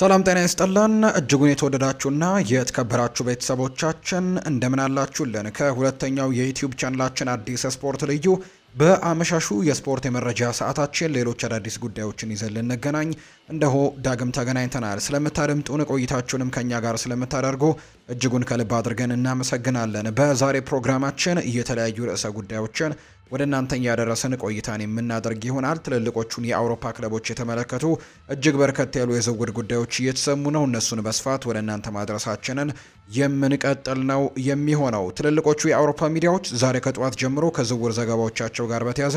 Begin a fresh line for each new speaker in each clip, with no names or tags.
ሰላም ጤና ይስጥልን እጅጉን የተወደዳችሁና የተከበራችሁ ቤተሰቦቻችን እንደምን አላችሁልን? ከሁለተኛው የዩትዩብ ቻንላችን አዲስ ስፖርት ልዩ በአመሻሹ የስፖርት የመረጃ ሰዓታችን ሌሎች አዳዲስ ጉዳዮችን ይዘን ልንገናኝ እንደሆ ዳግም ተገናኝተናል። ስለምታደምጡን ቆይታችሁንም ከእኛ ጋር ስለምታደርጉ እጅጉን ከልብ አድርገን እናመሰግናለን። በዛሬ ፕሮግራማችን የተለያዩ ርዕሰ ጉዳዮችን ወደ እናንተ እያደረስን ቆይታን የምናደርግ ይሆናል። ትልልቆቹን የአውሮፓ ክለቦች የተመለከቱ እጅግ በርከት ያሉ የዝውውር ጉዳዮች እየተሰሙ ነው። እነሱን በስፋት ወደ እናንተ ማድረሳችንን የምንቀጥል ነው የሚሆነው። ትልልቆቹ የአውሮፓ ሚዲያዎች ዛሬ ከጠዋት ጀምሮ ከዝውውር ዘገባዎቻቸው ጋር በተያያዘ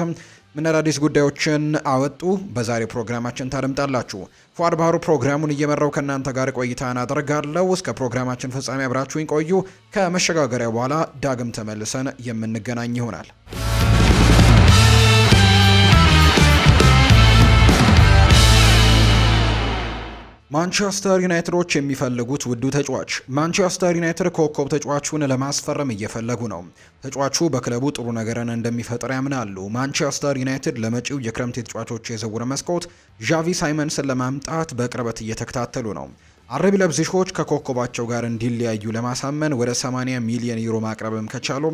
ምን አዳዲስ ጉዳዮችን አወጡ? በዛሬ ፕሮግራማችን ታደምጣላችሁ። ፏድ ባህሩ ፕሮግራሙን እየመራው ከእናንተ ጋር ቆይታን አደርጋለሁ። እስከ ፕሮግራማችን ፍጻሜ አብራችሁኝ ቆዩ። ከመሸጋገሪያ በኋላ ዳግም ተመልሰን የምንገናኝ ይሆናል።
ማንቸስተር ዩናይትዶች የሚፈልጉት ውዱ ተጫዋች ማንቸስተር ዩናይትድ ኮከብ ተጫዋቹን ለማስፈረም እየፈለጉ ነው። ተጫዋቹ በክለቡ ጥሩ ነገርን እንደሚፈጥር ያምናሉ። ማንቸስተር ዩናይትድ ለመጪው የክረምት የተጫዋቾች የዝውውር መስኮት ዣቪ ሳይመንስን ለማምጣት በቅርበት እየተከታተሉ ነው። አረብ ለብዚሾች ከኮከባቸው ጋር እንዲለያዩ ለማሳመን ወደ 80 ሚሊዮን ዩሮ ማቅረብም ከቻሉ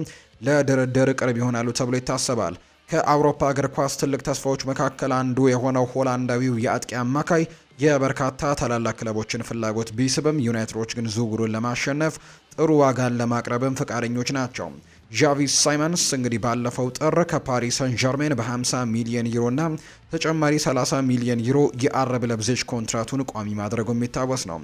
ለድርድር ቅርብ ይሆናሉ ተብሎ ይታሰባል። ከአውሮፓ እግር ኳስ ትልቅ ተስፋዎች መካከል አንዱ የሆነው ሆላንዳዊው የአጥቂ አማካይ የበርካታ ታላላቅ ክለቦችን ፍላጎት ቢስብም ዩናይትዶች ግን ዝውውሩን ለማሸነፍ ጥሩ ዋጋን ለማቅረብም ፈቃደኞች ናቸው። ዣቪ ሳይመንስ እንግዲህ ባለፈው ጥር ከፓሪስ ሰን ዠርሜን በ50 ሚሊዮን ና ተጨማሪ 30 ሚሊዮን ዩሮ የአረብ ለብዜች ኮንትራቱን ቋሚ ማድረጉ የሚታወስ ነው።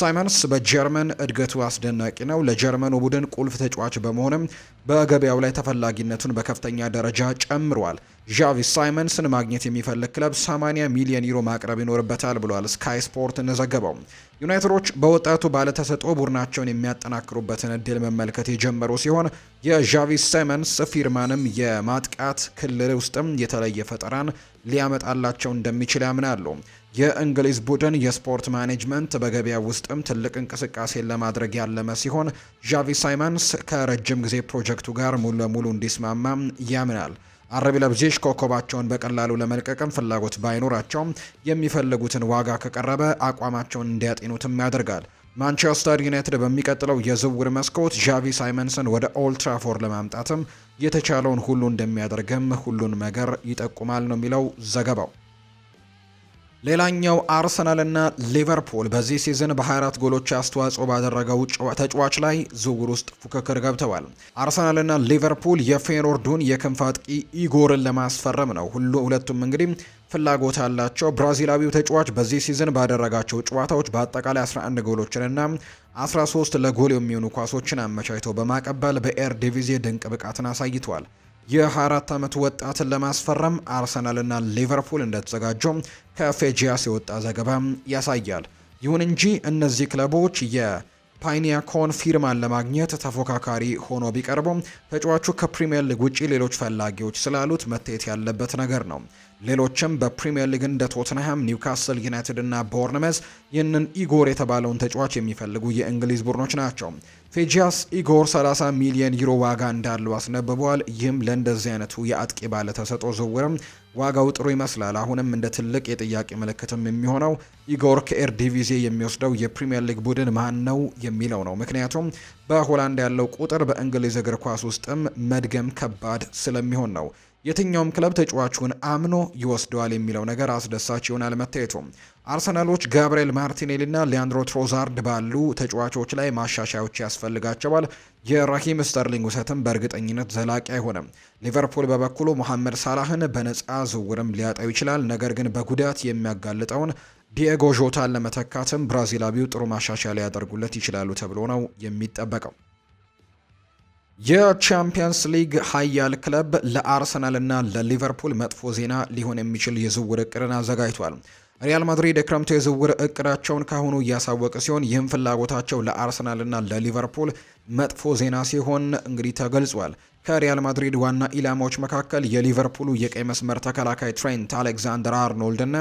ሳይመንስ በጀርመን እድገቱ አስደናቂ ነው። ለጀርመኑ ቡድን ቁልፍ ተጫዋች በመሆንም በገበያው ላይ ተፈላጊነቱን በከፍተኛ ደረጃ ጨምሯል። ዣቪ ሳይመንስን ማግኘት የሚፈልግ ክለብ 80 ሚሊዮን ዩሮ ማቅረብ ይኖርበታል ብሏል ስካይ ስፖርት እንዘገበው። ዩናይትዶች በወጣቱ ባለተሰጥኦ ቡድናቸውን የሚያጠናክሩበትን እድል መመልከት የጀመሩ ሲሆን የዣቪ ሳይመንስ ፊርማንም የማጥቃት ክልል ውስጥም የተለየ ፈጠራን ሊያመጣላቸው እንደሚችል ያምናሉ። የእንግሊዝ ቡድን የስፖርት ማኔጅመንት በገበያ ውስጥም ትልቅ እንቅስቃሴን ለማድረግ ያለመ ሲሆን ዣቪ ሳይመንስ ከረጅም ጊዜ ፕሮጀክቱ ጋር ሙሉ ለሙሉ እንዲስማማም ያምናል። አረብ ለብዜሽ ኮከባቸውን በቀላሉ ለመልቀቅም ፍላጎት ባይኖራቸውም የሚፈልጉትን ዋጋ ከቀረበ አቋማቸውን እንዲያጤኑትም ያደርጋል። ማንቸስተር ዩናይትድ በሚቀጥለው የዝውውር መስኮት ዣቪ ሳይመንስን ወደ ኦልትራፎር ለማምጣትም የተቻለውን ሁሉ እንደሚያደርግም ሁሉን ነገር ይጠቁማል ነው የሚለው ዘገባው። ሌላኛው አርሰናልና ሊቨርፑል በዚህ ሲዝን በ24 ጎሎች አስተዋጽኦ ባደረገው ተጫዋች ላይ ዝውውር ውስጥ ፉክክር ገብተዋል። አርሰናልና ሊቨርፑል የፌኖርዱን የክንፍ አጥቂ ኢጎርን ለማስፈረም ነው። ሁሉ ሁለቱም እንግዲህ ፍላጎት አላቸው። ብራዚላዊው ተጫዋች በዚህ ሲዝን ባደረጋቸው ጨዋታዎች በአጠቃላይ 11 ጎሎችንና 13 ለጎል የሚሆኑ ኳሶችን አመቻችቶ በማቀበል በኤር ዲቪዜ ድንቅ ብቃትን አሳይተዋል። የ24 ዓመት ወጣትን ለማስፈረም አርሰናልና ሊቨርፑል እንደተዘጋጁ ከፌጂያስ የወጣ ዘገባ ያሳያል። ይሁን እንጂ እነዚህ ክለቦች ፓይኒያኮን ፊርማን ለማግኘት ተፎካካሪ ሆኖ ቢቀርቡም ተጫዋቹ ከፕሪምየር ሊግ ውጪ ሌሎች ፈላጊዎች ስላሉት መታየት ያለበት ነገር ነው። ሌሎችም በፕሪምየር ሊግ እንደ ቶትንሃም፣ ኒውካስል ዩናይትድ እና ቦርንመዝ ይህንን ኢጎር የተባለውን ተጫዋች የሚፈልጉ የእንግሊዝ ቡድኖች ናቸው። ፌጂያስ ኢጎር 30 ሚሊዮን ዩሮ ዋጋ እንዳለው አስነብበዋል። ይህም ለእንደዚህ አይነቱ የአጥቂ ባለ ተሰጦ ዝውውርም ዋጋው ጥሩ ይመስላል። አሁንም እንደ ትልቅ የጥያቄ ምልክትም የሚሆነው ኢጎር ከኤርዲቪዜ የሚወስደው የፕሪምየር ሊግ ቡድን ማን ነው የሚለው ነው። ምክንያቱም በሆላንድ ያለው ቁጥር በእንግሊዝ እግር ኳስ ውስጥም መድገም ከባድ ስለሚሆን ነው። የትኛውም ክለብ ተጫዋቹን አምኖ ይወስደዋል የሚለው ነገር አስደሳች ይሆናል መታየቱ። አርሰናሎች ጋብርኤል ማርቲኔሊና ሊያንድሮ ትሮዛርድ ባሉ ተጫዋቾች ላይ ማሻሻያዎች ያስፈልጋቸዋል። የራሂም ስተርሊንግ ውሰትም በእርግጠኝነት ዘላቂ አይሆንም። ሊቨርፑል በበኩሉ ሞሐመድ ሳላህን በነፃ ዝውውርም ሊያጣው ይችላል። ነገር ግን በጉዳት የሚያጋልጠውን ዲኤጎ ዦታን ለመተካትም ብራዚላዊው ጥሩ ማሻሻያ ሊያደርጉለት ይችላሉ ተብሎ ነው የሚጠበቀው። የቻምፒየንስ ሊግ ሀያል ክለብ ለአርሰናልና ለሊቨርፑል መጥፎ ዜና ሊሆን የሚችል የዝውውር እቅድን አዘጋጅቷል። ሪያል ማድሪድ የክረምቱ የዝውውር እቅዳቸውን ካሁኑ እያሳወቀ ሲሆን ይህም ፍላጎታቸው ለአርሰናልና ለሊቨርፑል መጥፎ ዜና ሲሆን እንግዲህ ተገልጿል። ከሪያል ማድሪድ ዋና ኢላማዎች መካከል የሊቨርፑሉ የቀይ መስመር ተከላካይ ትሬንት አሌክዛንደር አርኖልድና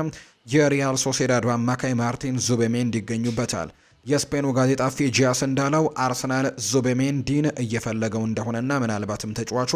የሪያል ሶሴዳዱ አማካይ ማርቲን ዙቤሜንዲ ይገኙበታል። የስፔኑ ጋዜጣ ፊጂያስ እንዳለው አርሰናል ዙቤሜንዲን እየፈለገው እንደሆነና ምናልባትም ተጫዋቹ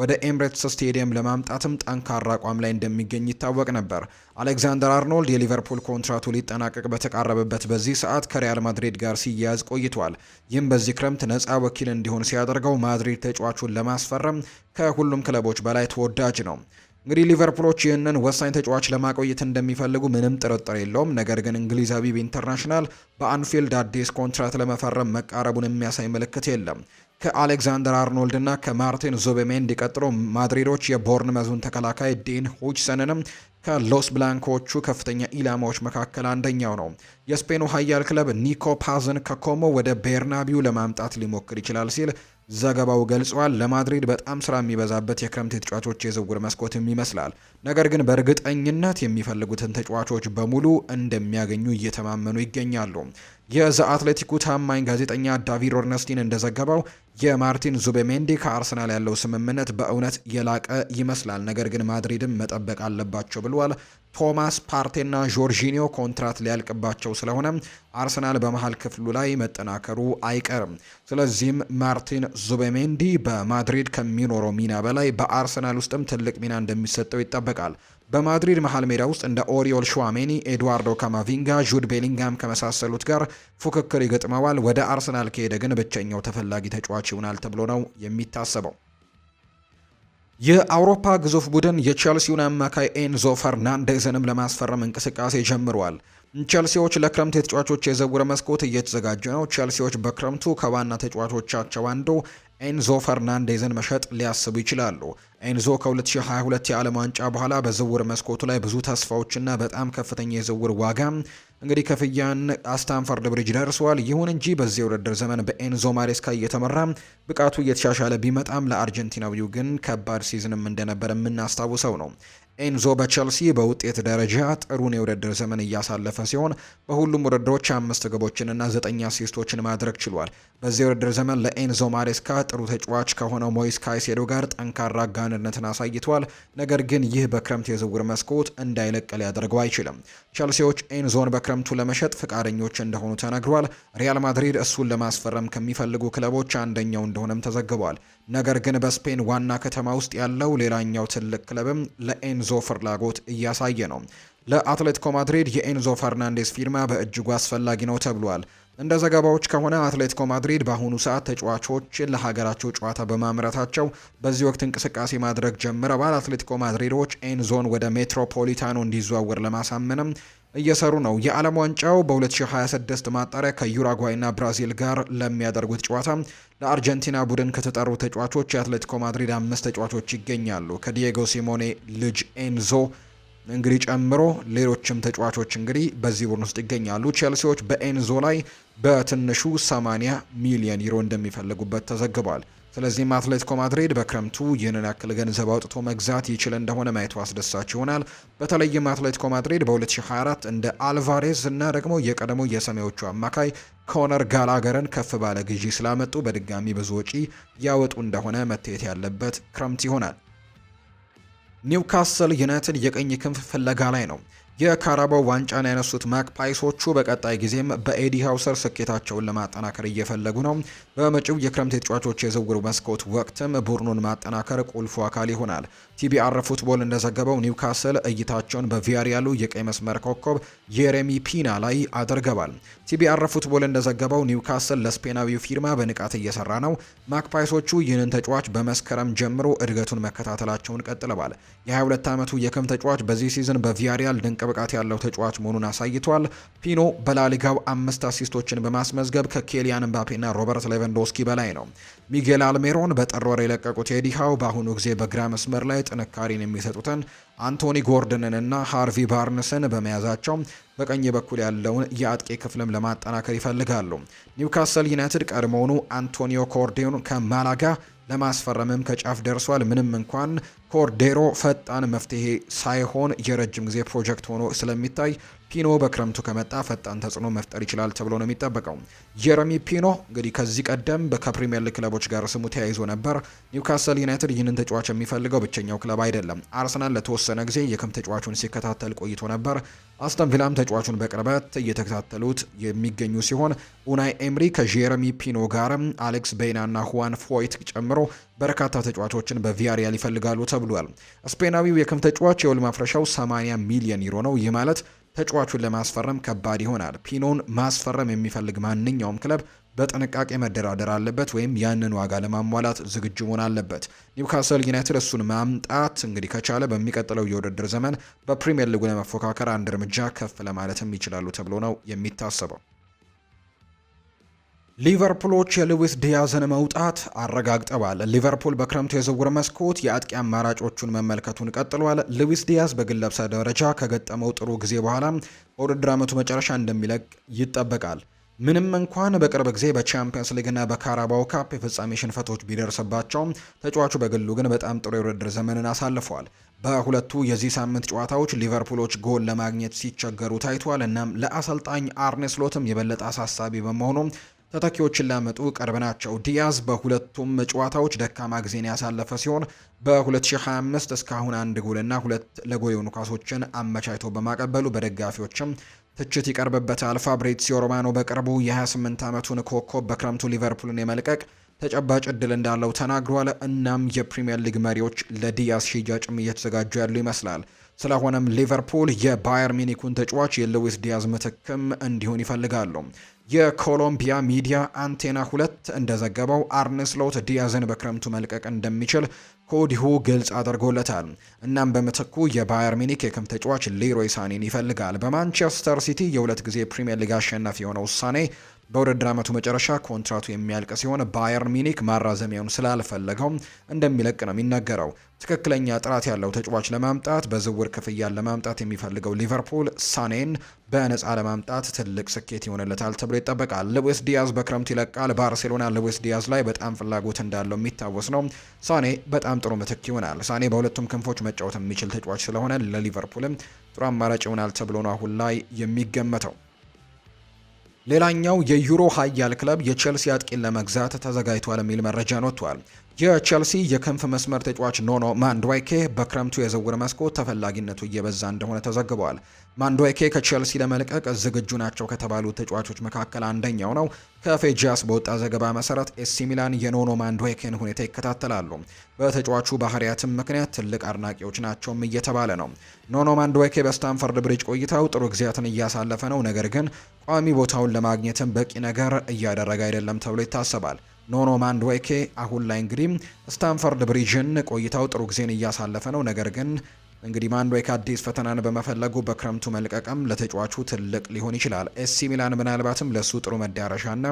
ወደ ኤምሬትስ ስቴዲየም ለማምጣትም ጠንካራ አቋም ላይ እንደሚገኝ ይታወቅ ነበር። አሌክዛንደር አርኖልድ የሊቨርፑል ኮንትራቱ ሊጠናቀቅ በተቃረበበት በዚህ ሰዓት ከሪያል ማድሪድ ጋር ሲያያዝ ቆይቷል። ይህም በዚህ ክረምት ነፃ ወኪል እንዲሆን ሲያደርገው ማድሪድ ተጫዋቹን ለማስፈረም ከሁሉም ክለቦች በላይ ተወዳጅ ነው። እንግዲህ ሊቨርፑሎች ይህንን ወሳኝ ተጫዋች ለማቆየት እንደሚፈልጉ ምንም ጥርጥር የለውም። ነገር ግን እንግሊዛዊው ኢንተርናሽናል በአንፊልድ አዲስ ኮንትራት ለመፈረም መቃረቡን የሚያሳይ ምልክት የለም። ከአሌክዛንደር አርኖልድ እና ከማርቲን ዙቤሜንዲ ቀጥሎ ማድሪዶች መዙን ተከላካይ ዴን ሁጅሰንንም ከሎስ ብላንኮቹ ከፍተኛ ኢላማዎች መካከል አንደኛው ነው። የስፔኑ ኃያል ክለብ ኒኮ ፓዝን ከኮሞ ወደ ቤርናቢው ለማምጣት ሊሞክር ይችላል ሲል ዘገባው ገልጿል። ለማድሪድ በጣም ስራ የሚበዛበት የክረምት ተጫዋቾች የዝውውር መስኮትም ይመስላል። ነገር ግን በእርግጠኝነት የሚፈልጉትን ተጫዋቾች በሙሉ እንደሚያገኙ እየተማመኑ ይገኛሉ። የዘ አትሌቲኩ ታማኝ ጋዜጠኛ ዳቪድ ኦርነስቲን እንደዘገበው የማርቲን ዙቤሜንዲ ከአርሰናል ያለው ስምምነት በእውነት የላቀ ይመስላል። ነገር ግን ማድሪድም መጠበቅ አለባቸው ብሏል። ቶማስ ፓርቴና ጆርጂኒዮ ኮንትራት ሊያልቅባቸው ስለሆነ አርሰናል በመሀል ክፍሉ ላይ መጠናከሩ አይቀርም። ስለዚህም ማርቲን ዙቤሜንዲ በማድሪድ ከሚኖረው ሚና በላይ በአርሰናል ውስጥም ትልቅ ሚና እንደሚሰጠው ይጠበቃል። በማድሪድ መሀል ሜዳ ውስጥ እንደ ኦሪዮል ሹዋሜኒ፣ ኤድዋርዶ ካማቪንጋ፣ ጁድ ቤሊንጋም ከመሳሰሉት ጋር ፉክክር ይገጥመዋል። ወደ አርሰናል ከሄደ ግን ብቸኛው ተፈላጊ ተጫዋች ይሆናል ተብሎ ነው የሚታሰበው። የአውሮፓ ግዙፍ ቡድን የቼልሲውን አማካይ ኤንዞ ፈርናንዴዝንም ለማስፈረም እንቅስቃሴ ጀምረዋል። ቼልሲዎች ለክረምት የተጫዋቾች የዝውውር መስኮት እየተዘጋጁ ነው። ቼልሲዎች በክረምቱ ከዋና ተጫዋቾቻቸው አንዱ ኤንዞ ፈርናንዴዝን መሸጥ ሊያስቡ ይችላሉ። ኤንዞ ከ2022 የዓለም ዋንጫ በኋላ በዝውውር መስኮቱ ላይ ብዙ ተስፋዎችና በጣም ከፍተኛ የዝውውር ዋጋ እንግዲህ ክፍያን አስታንፈርድ ብሪጅ ደርሷል። ይሁን እንጂ በዚህ ውድድር ዘመን በኤንዞ ማሬስካ እየተመራ ብቃቱ እየተሻሻለ ቢመጣም ለአርጀንቲናዊው ግን ከባድ ሲዝንም እንደነበረ የምናስታውሰው ነው። ኤንዞ በቸልሲ በውጤት ደረጃ ጥሩን የውድድር ዘመን እያሳለፈ ሲሆን በሁሉም ውድድሮች አምስት ግቦችንና ዘጠኝ አሲስቶችን ማድረግ ችሏል። በዚህ ውድድር ዘመን ለኤንዞ ማሬስካ ጥሩ ተጫዋች ከሆነው ሞይስ ካይሴዶ ጋር ጠንካራ አጋንነትን አሳይቷል። ነገር ግን ይህ በክረምት የዝውውር መስኮት እንዳይለቅ ሊያደርገው አይችልም። ቸልሲዎች ኤንዞን በክረምቱ ለመሸጥ ፈቃደኞች እንደሆኑ ተነግሯል። ሪያል ማድሪድ እሱን ለማስፈረም ከሚፈልጉ ክለቦች አንደኛው እንደሆነም ተዘግቧል። ነገር ግን በስፔን ዋና ከተማ ውስጥ ያለው ሌላኛው ትልቅ ክለብም ለኤን የኤንዞ ፍላጎት እያሳየ ነው። ለአትሌቲኮ ማድሪድ የኤንዞ ፈርናንዴስ ፊርማ በእጅጉ አስፈላጊ ነው ተብሏል። እንደ ዘገባዎች ከሆነ አትሌቲኮ ማድሪድ በአሁኑ ሰዓት ተጫዋቾችን ለሀገራቸው ጨዋታ በማምረታቸው በዚህ ወቅት እንቅስቃሴ ማድረግ ጀምረዋል። አትሌቲኮ ማድሪዶች ኤንዞን ወደ ሜትሮፖሊታኖ እንዲዘዋወር ለማሳመንም እየሰሩ ነው። የዓለም ዋንጫው በ2026 ማጣሪያ ከዩራጓይና ብራዚል ጋር ለሚያደርጉት ጨዋታ ለአርጀንቲና ቡድን ከተጠሩ ተጫዋቾች የአትሌቲኮ ማድሪድ አምስት ተጫዋቾች ይገኛሉ። ከዲየጎ ሲሞኔ ልጅ ኤንዞ እንግዲህ ጨምሮ ሌሎችም ተጫዋቾች እንግዲህ በዚህ ቡድን ውስጥ ይገኛሉ። ቼልሲዎች በኤንዞ ላይ በትንሹ 80 ሚሊዮን ዩሮ እንደሚፈልጉበት ተዘግቧል። ስለዚህም አትሌቲኮ ማድሪድ በክረምቱ ይህንን ያክል ገንዘብ አውጥቶ መግዛት ይችል እንደሆነ ማየቱ አስደሳች ይሆናል። በተለይም አትሌቲኮ ማድሪድ በ2024 እንደ አልቫሬዝ እና ደግሞ የቀድሞ የሰሜዎቹ አማካይ ኮነር ጋላገርን ከፍ ባለ ግዢ ስላመጡ በድጋሚ ብዙ ወጪ ያወጡ እንደሆነ መታየት ያለበት ክረምት ይሆናል። ኒውካስል ዩናይትድ የቀኝ ክንፍ ፍለጋ ላይ ነው። የካራባው ዋንጫን ያነሱት ማክፓይሶቹ በቀጣይ ጊዜም በኤዲ ሀውሰር ስኬታቸውን ለማጠናከር እየፈለጉ ነው። በመጪው የክረምት የተጫዋቾች የዝውውር መስኮት ወቅትም ቡድኑን ማጠናከር ቁልፉ አካል ይሆናል። ቲቢአር ፉትቦል እንደዘገበው ኒውካስል እይታቸውን በቪያሪያሉ የቀይ መስመር ኮከብ የሬሚ ፒና ላይ አድርገዋል። ቲቢአር ፉትቦል እንደዘገበው ኒውካስል ለስፔናዊው ፊርማ በንቃት እየሰራ ነው። ማክፓይሶቹ ይህንን ተጫዋች በመስከረም ጀምሮ እድገቱን መከታተላቸውን ቀጥለዋል። የ22 ዓመቱ የክም ተጫዋች በዚህ ሲዝን በቪያሪያል ድንቅ ብቃት ያለው ተጫዋች መሆኑን አሳይቷል። ፒኖ በላሊጋው አምስት አሲስቶችን በማስመዝገብ ከኬሊያን ምባፔና ሮበርት ሌቫንዶስኪ በላይ ነው። ሚጌል አልሜሮን በጥር ወር የለቀቁት የዲሃው በአሁኑ ጊዜ በግራ መስመር ላይ ጥንካሬን የሚሰጡትን አንቶኒ ጎርደንን እና ሃርቪ ባርንስን በመያዛቸው በቀኝ በኩል ያለውን የአጥቂ ክፍልም ለማጠናከር ይፈልጋሉ። ኒውካስል ዩናይትድ ቀድሞውኑ አንቶኒዮ ኮርዴን ከማላጋ ለማስፈረምም ከጫፍ ደርሷል። ምንም እንኳን ኮርዴሮ ፈጣን መፍትሄ ሳይሆን የረጅም ጊዜ ፕሮጀክት ሆኖ ስለሚታይ ፒኖ በክረምቱ ከመጣ ፈጣን ተጽዕኖ መፍጠር ይችላል ተብሎ ነው የሚጠበቀው። ጀረሚ ፒኖ እንግዲህ ከዚህ ቀደም ከፕሪምየር ሊግ ክለቦች ጋር ስሙ ተያይዞ ነበር። ኒውካስል ዩናይትድ ይህንን ተጫዋች የሚፈልገው ብቸኛው ክለብ አይደለም። አርሰናል ለተወሰነ ጊዜ የክም ተጫዋቹን ሲከታተል ቆይቶ ነበር። አስተን ቪላም ተጫዋቹን በቅርበት እየተከታተሉት የሚገኙ ሲሆን ኡናይ ኤምሪ ከጀረሚ ፒኖ ጋርም አሌክስ ቤና ና ሁዋን ፎይት ጨምሮ በርካታ ተጫዋቾችን በቪያሪያል ይፈልጋሉ ተብሏል። ስፔናዊው የክም ተጫዋች የውል ማፍረሻው 80 ሚሊዮን ዩሮ ነው። ይህ ማለት ተጫዋቹን ለማስፈረም ከባድ ይሆናል። ፒኖን ማስፈረም የሚፈልግ ማንኛውም ክለብ በጥንቃቄ መደራደር አለበት ወይም ያንን ዋጋ ለማሟላት ዝግጁ መሆን አለበት። ኒውካስል ዩናይትድ እሱን ማምጣት እንግዲህ ከቻለ በሚቀጥለው የውድድር ዘመን በፕሪምየር ሊጉ ለመፎካከር አንድ እርምጃ ከፍ ለማለትም ይችላሉ ተብሎ ነው የሚታሰበው። ሊቨርፑሎች የልዊስ ዲያዝን መውጣት አረጋግጠዋል። ሊቨርፑል በክረምቱ የዝውውር መስኮት የአጥቂ አማራጮቹን መመልከቱን ቀጥሏል። ልዊስ ዲያዝ በግለሰብ ደረጃ ከገጠመው ጥሩ ጊዜ በኋላ በውድድር ዓመቱ መጨረሻ እንደሚለቅ ይጠበቃል። ምንም እንኳን በቅርብ ጊዜ በቻምፒየንስ ሊግና በካራባው ካፕ የፍጻሜ ሽንፈቶች ቢደርስባቸውም ተጫዋቹ በግሉ ግን በጣም ጥሩ የውድድር ዘመንን አሳልፏል። በሁለቱ የዚህ ሳምንት ጨዋታዎች ሊቨርፑሎች ጎል ለማግኘት ሲቸገሩ ታይቷል። እናም ለአሰልጣኝ አርኔ ስሎትም የበለጠ አሳሳቢ በመሆኑ ተተኪዎችን ሊያመጡ ቅርብ ናቸው። ዲያዝ በሁለቱም ጨዋታዎች ደካማ ጊዜን ያሳለፈ ሲሆን በ2025 እስካሁን አንድ ጎልና ሁለት ለጎል የሆኑ ኳሶችን አመቻችቶ በማቀበሉ በደጋፊዎችም ትችት ይቀርብበታል። ፋብሪዚዮ ሮማኖ በቅርቡ የ28 ዓመቱን ኮከብ በክረምቱ ሊቨርፑልን የመልቀቅ ተጨባጭ እድል እንዳለው ተናግሯል። እናም የፕሪምየር ሊግ መሪዎች ለዲያስ ሽያጭም እየተዘጋጁ ያሉ ይመስላል። ስለሆነም ሊቨርፑል የባየር ሚኒኩን ተጫዋች የሉዊስ ዲያዝ ምትክም እንዲሆን ይፈልጋሉ። የኮሎምቢያ ሚዲያ አንቴና ሁለት እንደዘገበው አርነስሎት ዲያዝን በክረምቱ መልቀቅ እንደሚችል ከወዲሁ ግልጽ አድርጎለታል። እናም በምትኩ የባየር ሚኒክ የክም ተጫዋች ሌሮይ ሳኔን ይፈልጋል። በማንቸስተር ሲቲ የሁለት ጊዜ ፕሪምየር ሊግ አሸናፊ የሆነው ውሳኔ በውድድር ዓመቱ መጨረሻ ኮንትራቱ የሚያልቅ ሲሆን ባየር ሚኒክ ማራዘሚያውን ስላልፈለገው እንደሚለቅ ነው የሚነገረው። ትክክለኛ ጥራት ያለው ተጫዋች ለማምጣት በዝውውር ክፍያን ለማምጣት የሚፈልገው ሊቨርፑል ሳኔን በነፃ ለማምጣት ትልቅ ስኬት ይሆንለታል ተብሎ ይጠበቃል። ልዊስ ዲያዝ በክረምት ይለቃል። ባርሴሎና ልዊስ ዲያዝ ላይ በጣም ፍላጎት እንዳለው የሚታወስ ነው። ሳኔ በጣም ጥሩ ምትክ ይሆናል። ሳኔ በሁለቱም ክንፎች መጫወት የሚችል ተጫዋች ስለሆነ ለሊቨርፑልም ጥሩ አማራጭ ይሆናል ተብሎ ነው አሁን ላይ የሚገመተው። ሌላኛው የዩሮ ሀያል ክለብ የቼልሲ አጥቂን ለመግዛት ተዘጋጅቷል የሚል መረጃን ወጥቷል። የቼልሲ የክንፍ መስመር ተጫዋች ኖኖ ማንድዋይኬ በክረምቱ የዝውውር መስኮት ተፈላጊነቱ እየበዛ እንደሆነ ተዘግቧል። ማንድዋይኬ ከቼልሲ ለመልቀቅ ዝግጁ ናቸው ከተባሉ ተጫዋቾች መካከል አንደኛው ነው። ከፌጂያስ በወጣ ዘገባ መሰረት ኤሲ ሚላን የኖኖ ማንድዋይኬን ሁኔታ ይከታተላሉ። በተጫዋቹ ባህሪያትም ምክንያት ትልቅ አድናቂዎች ናቸውም እየተባለ ነው። ኖኖ ማንድዋይኬ በስታንፈርድ ብሪጅ ቆይታው ጥሩ ጊዜያትን እያሳለፈ ነው። ነገር ግን ቋሚ ቦታውን ለማግኘትም በቂ ነገር እያደረገ አይደለም ተብሎ ይታሰባል። ኖኖ ማንድዌኬ አሁን ላይ እንግዲህ ስታንፈርድ ብሪጅን ቆይታው ጥሩ ጊዜን እያሳለፈ ነው። ነገር ግን እንግዲህ ማንዶይክ አዲስ ፈተናን በመፈለጉ በክረምቱ መልቀቅም ለተጫዋቹ ትልቅ ሊሆን ይችላል። ኤሲ ሚላን ምናልባትም ለሱ ጥሩ መዳረሻና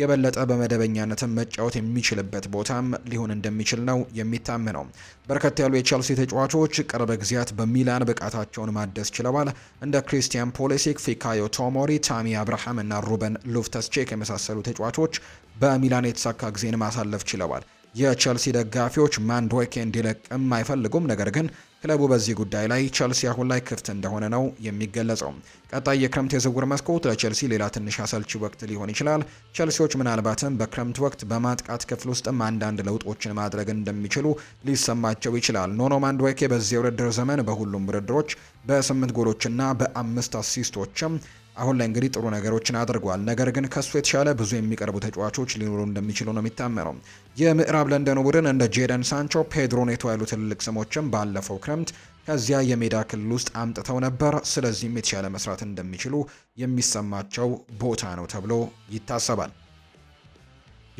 የበለጠ በመደበኛነትም መጫወት የሚችልበት ቦታም ሊሆን እንደሚችል ነው የሚታመነው። በርከት ያሉ የቸልሲ ተጫዋቾች ቅርብ ጊዜያት በሚላን ብቃታቸውን ማደስ ችለዋል። እንደ ክሪስቲያን ፖሊሲክ፣ ፊካዮ ቶሞሪ፣ ታሚ አብርሃም እና ሩበን ሉፍተስቼክ የመሳሰሉ ተጫዋቾች በሚላን የተሳካ ጊዜን ማሳለፍ ችለዋል። የቸልሲ ደጋፊዎች ማንድዌኬ እንዲለቅም አይፈልጉም። ነገር ግን ክለቡ በዚህ ጉዳይ ላይ ቸልሲ አሁን ላይ ክፍት እንደሆነ ነው የሚገለጸው። ቀጣይ የክረምት የዝውውር መስኮት ለቸልሲ ሌላ ትንሽ አሰልቺ ወቅት ሊሆን ይችላል። ቸልሲዎች ምናልባትም በክረምት ወቅት በማጥቃት ክፍል ውስጥም አንዳንድ ለውጦችን ማድረግ እንደሚችሉ ሊሰማቸው ይችላል። ኖኖ ማንድዌኬ በዚህ የውድድር ዘመን በሁሉም ውድድሮች በስምንት ጎሎችና በአምስት አሲስቶችም አሁን ላይ እንግዲህ ጥሩ ነገሮችን አድርጓል። ነገር ግን ከሱ የተሻለ ብዙ የሚቀርቡ ተጫዋቾች ሊኖሩ እንደሚችሉ ነው የሚታመነው። የምዕራብ ለንደኑ ቡድን እንደ ጄደን ሳንቾ፣ ፔድሮ ኔቶ ያሉ ትልልቅ ስሞችም ባለፈው ክረምት ከዚያ የሜዳ ክልል ውስጥ አምጥተው ነበር። ስለዚህም የተሻለ መስራት እንደሚችሉ የሚሰማቸው ቦታ ነው ተብሎ ይታሰባል።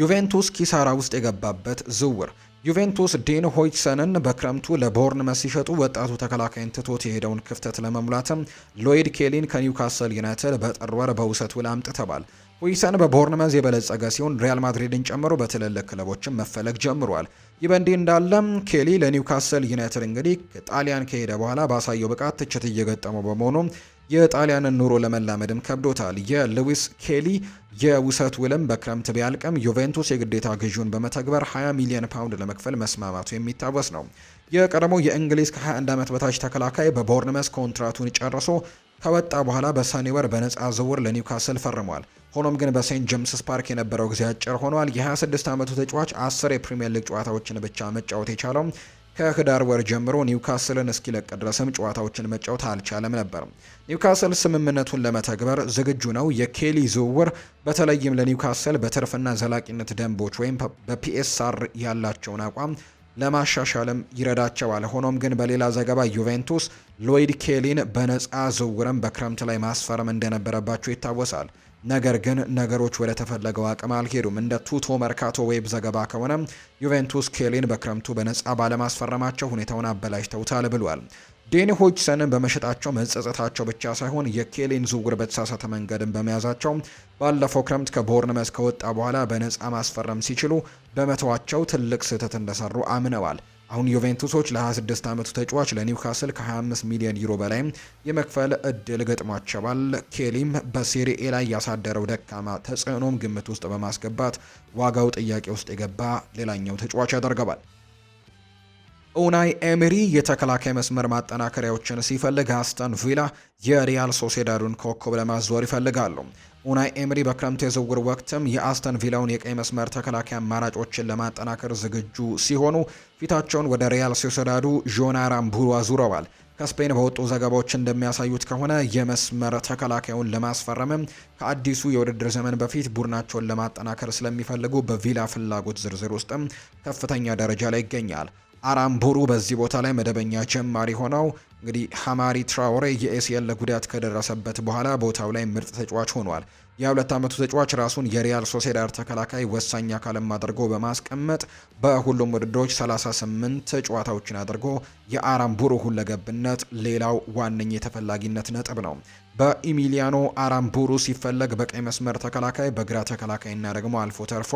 ዩቬንቱስ ኪሳራ ውስጥ የገባበት ዝውውር ዩቬንቱስ ዴን ሆይትሰንን በክረምቱ ለቦርንመስ ሲሸጡ ወጣቱ ተከላካይን ትቶት የሄደውን ክፍተት ለመሙላትም ሎይድ ኬሊን ከኒውካስል ዩናይትድ በጥር ወር በውሰት ውል አምጥተዋል። ሆይሰን በቦርንመዝ የበለጸገ ሲሆን ሪያል ማድሪድን ጨምሮ በትልልቅ ክለቦችም መፈለግ ጀምሯል። ይህ በእንዲህ እንዳለም ኬሊ ለኒውካስል ዩናይትድ እንግዲህ ጣሊያን ከሄደ በኋላ ባሳየው ብቃት ትችት እየገጠመው በመሆኑ የጣሊያንን ኑሮ ለመላመድም ከብዶታል። የሉዊስ ኬሊ የውሰት ውልም በክረምት ቢያልቅም ዩቬንቱስ የግዴታ ግዢውን በመተግበር 20 ሚሊዮን ፓውንድ ለመክፈል መስማማቱ የሚታወስ ነው። የቀደሞ የእንግሊዝ ከ21 ዓመት በታች ተከላካይ በቦርንመስ ኮንትራቱን ጨርሶ ከወጣ በኋላ በሰኔ ወር በነፃ ዝውውር ለኒውካስል ፈርሟል። ሆኖም ግን በሴንት ጄምስስ ፓርክ የነበረው ጊዜ አጭር ሆኗል። የ26 ዓመቱ ተጫዋች 10 የፕሪምየር ሊግ ጨዋታዎችን ብቻ መጫወት የቻለው ከህዳር ወር ጀምሮ ኒውካስልን እስኪለቅ ድረስም ጨዋታዎችን መጫወት አልቻለም ነበር። ኒውካስል ስምምነቱን ለመተግበር ዝግጁ ነው። የኬሊ ዝውውር በተለይም ለኒውካስል በትርፍና ዘላቂነት ደንቦች ወይም በፒኤስአር ያላቸውን አቋም ለማሻሻልም ይረዳቸዋል። ሆኖም ግን በሌላ ዘገባ ዩቬንቱስ ሎይድ ኬሊን በነፃ ዝውውርም በክረምት ላይ ማስፈረም እንደነበረባቸው ይታወሳል። ነገር ግን ነገሮች ወደ ተፈለገው አቅም አልሄዱም። እንደ ቱቶ መርካቶ ዌብ ዘገባ ከሆነ ዩቬንቱስ ኬሊን በክረምቱ በነፃ ባለማስፈረማቸው ሁኔታውን አበላሽተውታል ብሏል። ዴኒ ሆጅሰንን በመሸጣቸው መጸጸታቸው ብቻ ሳይሆን የኬሊን ዝውውር በተሳሳተ መንገድን በመያዛቸው ባለፈው ክረምት ከቦርንመስ ከወጣ በኋላ በነፃ ማስፈረም ሲችሉ በመተዋቸው ትልቅ ስህተት እንደሰሩ አምነዋል። አሁን ዩቬንቱሶች ለ26 ዓመቱ ተጫዋች ለኒውካስል ከ25 ሚሊዮን ዩሮ በላይ የመክፈል እድል ገጥሟቸዋል። ኬሊም በሴሪኤ ላይ ያሳደረው ደካማ ተጽዕኖም ግምት ውስጥ በማስገባት ዋጋው ጥያቄ ውስጥ የገባ ሌላኛው ተጫዋች ያደርገዋል። ኡናይ ኤምሪ የተከላካይ መስመር ማጠናከሪያዎችን ሲፈልግ አስተን ቪላ የሪያል ሶሴዳዱን ኮከብ ለማዘወር ይፈልጋሉ። ኡናይ ኤምሪ በክረምት የዝውውር ወቅትም የአስተን ቪላውን የቀይ መስመር ተከላካይ አማራጮችን ለማጠናከር ዝግጁ ሲሆኑ ፊታቸውን ወደ ሪያል ሶሴዳዱ ዦን አራምቡሩ አዙረዋል። ከስፔን በወጡ ዘገባዎች እንደሚያሳዩት ከሆነ የመስመር ተከላካዩን ለማስፈረምም ከአዲሱ የውድድር ዘመን በፊት ቡድናቸውን ለማጠናከር ስለሚፈልጉ በቪላ ፍላጎት ዝርዝር ውስጥም ከፍተኛ ደረጃ ላይ ይገኛል። አራምቡሩ በዚህ ቦታ ላይ መደበኛ ጀማሪ ሆነው እንግዲህ ሐማሪ ትራውሬ የኤሲኤል ለጉዳት ከደረሰበት በኋላ ቦታው ላይ ምርጥ ተጫዋች ሆኗል። የሁለት ዓመቱ ተጫዋች ራሱን የሪያል ሶሴዳር ተከላካይ ወሳኝ አካልም አድርጎ በማስቀመጥ በሁሉም ውድድሮች 38 ጨዋታዎችን አድርጎ የአራምቡሩ ሁለገብነት ሌላው ዋነኛ የተፈላጊነት ነጥብ ነው። በኢሚሊያኖ አራምቡሩ ሲፈለግ በቀይ መስመር ተከላካይ፣ በግራ ተከላካይና ደግሞ አልፎ ተርፎ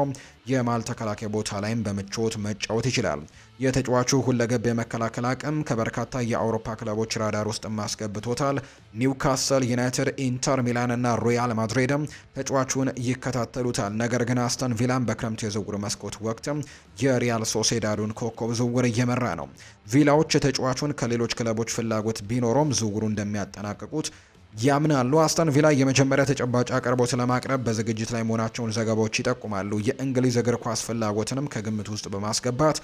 የማል ተከላካይ ቦታ ላይም በምቾት መጫወት ይችላል። የተጫዋቹ ሁለገብ የመከላከል አቅም ከበርካታ የአውሮፓ ክለቦች ራዳር ውስጥ ማስገብቶታል። ኒውካስል ዩናይትድ፣ ኢንተር ሚላን እና ሮያል ማድሪድም ተጫዋቹን ይከታተሉታል። ነገር ግን አስተን ቪላን በክረምት የዝውውር መስኮት ወቅት የሪያል ሶሴዳዱን ኮከብ ዝውውር እየመራ ነው። ቪላዎች ተጫዋቹን ከሌሎች ክለቦች ፍላጎት ቢኖረውም ዝውውሩ እንደሚያጠናቅቁት ያምናሉ። አስተን ቪላ የመጀመሪያ ተጨባጭ አቅርቦት ለማቅረብ በዝግጅት ላይ መሆናቸውን ዘገባዎች ይጠቁማሉ። የእንግሊዝ እግር ኳስ ፍላጎትንም ከግምት ውስጥ በማስገባት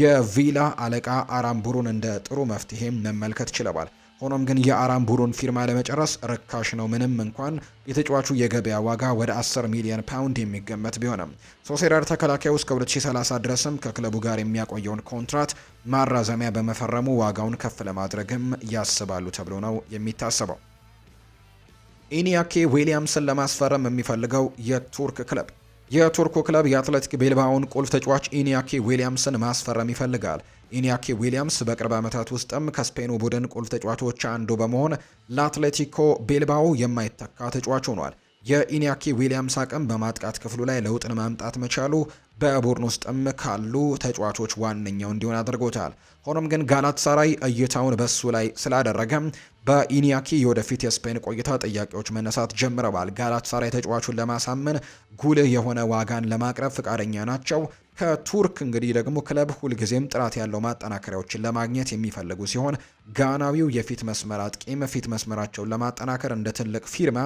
የቪላ አለቃ አራምቡሩን እንደ ጥሩ መፍትሄም መመልከት ችለዋል። ሆኖም ግን የአራምቡሩን ፊርማ ለመጨረስ ርካሽ ነው። ምንም እንኳን የተጫዋቹ የገበያ ዋጋ ወደ 10 ሚሊዮን ፓውንድ የሚገመት ቢሆንም ሶሴዳድ ተከላካዩ እስከ 2030 ድረስም ከክለቡ ጋር የሚያቆየውን ኮንትራት ማራዘሚያ በመፈረሙ ዋጋውን ከፍ ለማድረግም ያስባሉ ተብሎ ነው የሚታሰበው። ኢኒያኬ ዊሊያምስን ለማስፈረም የሚፈልገው የቱርክ ክለብ የቱርኩ ክለብ የአትሌቲክ ቤልባውን ቁልፍ ተጫዋች ኢኒያኪ ዊሊያምስን ማስፈረም ይፈልጋል። ኢኒያኬ ዊሊያምስ በቅርብ ዓመታት ውስጥም ከስፔኑ ቡድን ቁልፍ ተጫዋቾች አንዱ በመሆን ለአትሌቲኮ ቤልባው የማይተካ ተጫዋች ሆኗል። የኢኒያኪ ዊሊያምስ አቅም በማጥቃት ክፍሉ ላይ ለውጥን ማምጣት መቻሉ በቡድን ውስጥም ካሉ ተጫዋቾች ዋነኛው እንዲሆን አድርጎታል። ሆኖም ግን ጋላት ሳራይ እይታውን በሱ ላይ ስላደረገም በኢኒያኪ የወደፊት የስፔን ቆይታ ጥያቄዎች መነሳት ጀምረዋል። ጋላት ሳራይ ተጫዋቹን ለማሳመን ጉልህ የሆነ ዋጋን ለማቅረብ ፍቃደኛ ናቸው። ከቱርክ እንግዲህ ደግሞ ክለብ ሁልጊዜም ጥራት ያለው ማጠናከሪያዎችን ለማግኘት የሚፈልጉ ሲሆን ጋናዊው የፊት መስመር አጥቂም ፊት መስመራቸውን ለማጠናከር እንደ ትልቅ ፊርማ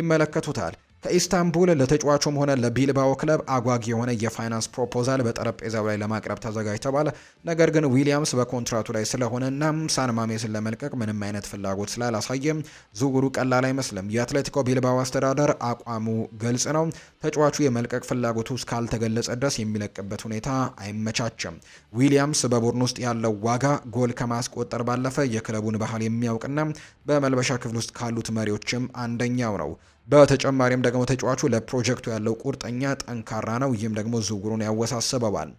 ይመለከቱታል። ከኢስታንቡል ለተጫዋቹም ሆነ ለቢልባኦ ክለብ አጓጊ የሆነ የፋይናንስ ፕሮፖዛል በጠረጴዛው ላይ ለማቅረብ ተዘጋጅተዋል። ነገር ግን ዊሊያምስ በኮንትራቱ ላይ ስለሆነና ሳንማሜስን ለመልቀቅ ምንም አይነት ፍላጎት ስላላሳየም ዝውውሩ ቀላል አይመስልም። የአትሌቲኮ ቢልባኦ አስተዳደር አቋሙ ግልጽ ነው። ተጫዋቹ የመልቀቅ ፍላጎቱ እስካልተገለጸ ድረስ የሚለቅበት ሁኔታ አይመቻችም። ዊሊያምስ በቡድን ውስጥ ያለው ዋጋ ጎል ከማስቆጠር ባለፈ የክለቡን ባህል የሚያውቅና በመልበሻ ክፍል ውስጥ ካሉት መሪዎችም አንደኛው ነው። በተጨማሪም ደግሞ ተጫዋቹ ለፕሮጀክቱ ያለው ቁርጠኛ ጠንካራ ነው። ይህም ደግሞ ዝውውሩን ያወሳስበዋል።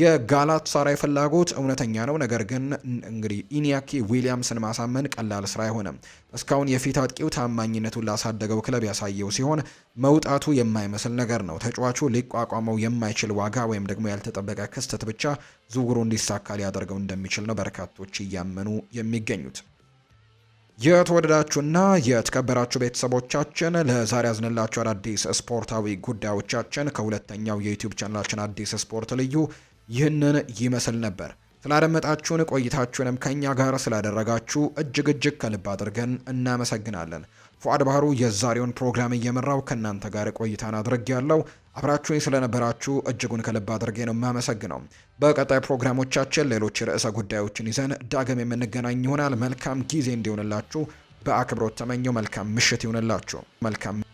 የጋላት ሳራይ ፍላጎት እውነተኛ ነው። ነገር ግን እንግዲህ ኢኒያኪ ዊሊያምስን ማሳመን ቀላል ስራ አይሆንም። እስካሁን የፊት አጥቂው ታማኝነቱን ላሳደገው ክለብ ያሳየው ሲሆን መውጣቱ የማይመስል ነገር ነው። ተጫዋቹ ሊቋቋመው የማይችል ዋጋ ወይም ደግሞ ያልተጠበቀ ክስተት ብቻ ዝውውሩ እንዲሳካ ሊያደርገው እንደሚችል ነው በርካቶች እያመኑ የሚገኙት። የተወደዳችሁና የተከበራችሁ ቤተሰቦቻችን ለዛሬ ያዝንላችሁ አዳዲስ ስፖርታዊ ጉዳዮቻችን ከሁለተኛው የዩቲዩብ ቻናላችን አዲስ ስፖርት ልዩ ይህንን ይመስል ነበር። ስላደመጣችሁን ቆይታችሁንም ከእኛ ጋር ስላደረጋችሁ እጅግ እጅግ ከልብ አድርገን እናመሰግናለን። ፉአድ ባህሩ የዛሬውን ፕሮግራም እየመራው ከእናንተ ጋር ቆይታን አድርግ ያለው አብራችሁኝ ስለነበራችሁ እጅጉን ከልብ አድርጌ ነው የማመሰግነው። በቀጣይ ፕሮግራሞቻችን ሌሎች ርዕሰ ጉዳዮችን ይዘን ዳግም የምንገናኝ ይሆናል። መልካም ጊዜ እንዲሆንላችሁ በአክብሮት ተመኘው። መልካም ምሽት ይሆንላችሁ። መልካም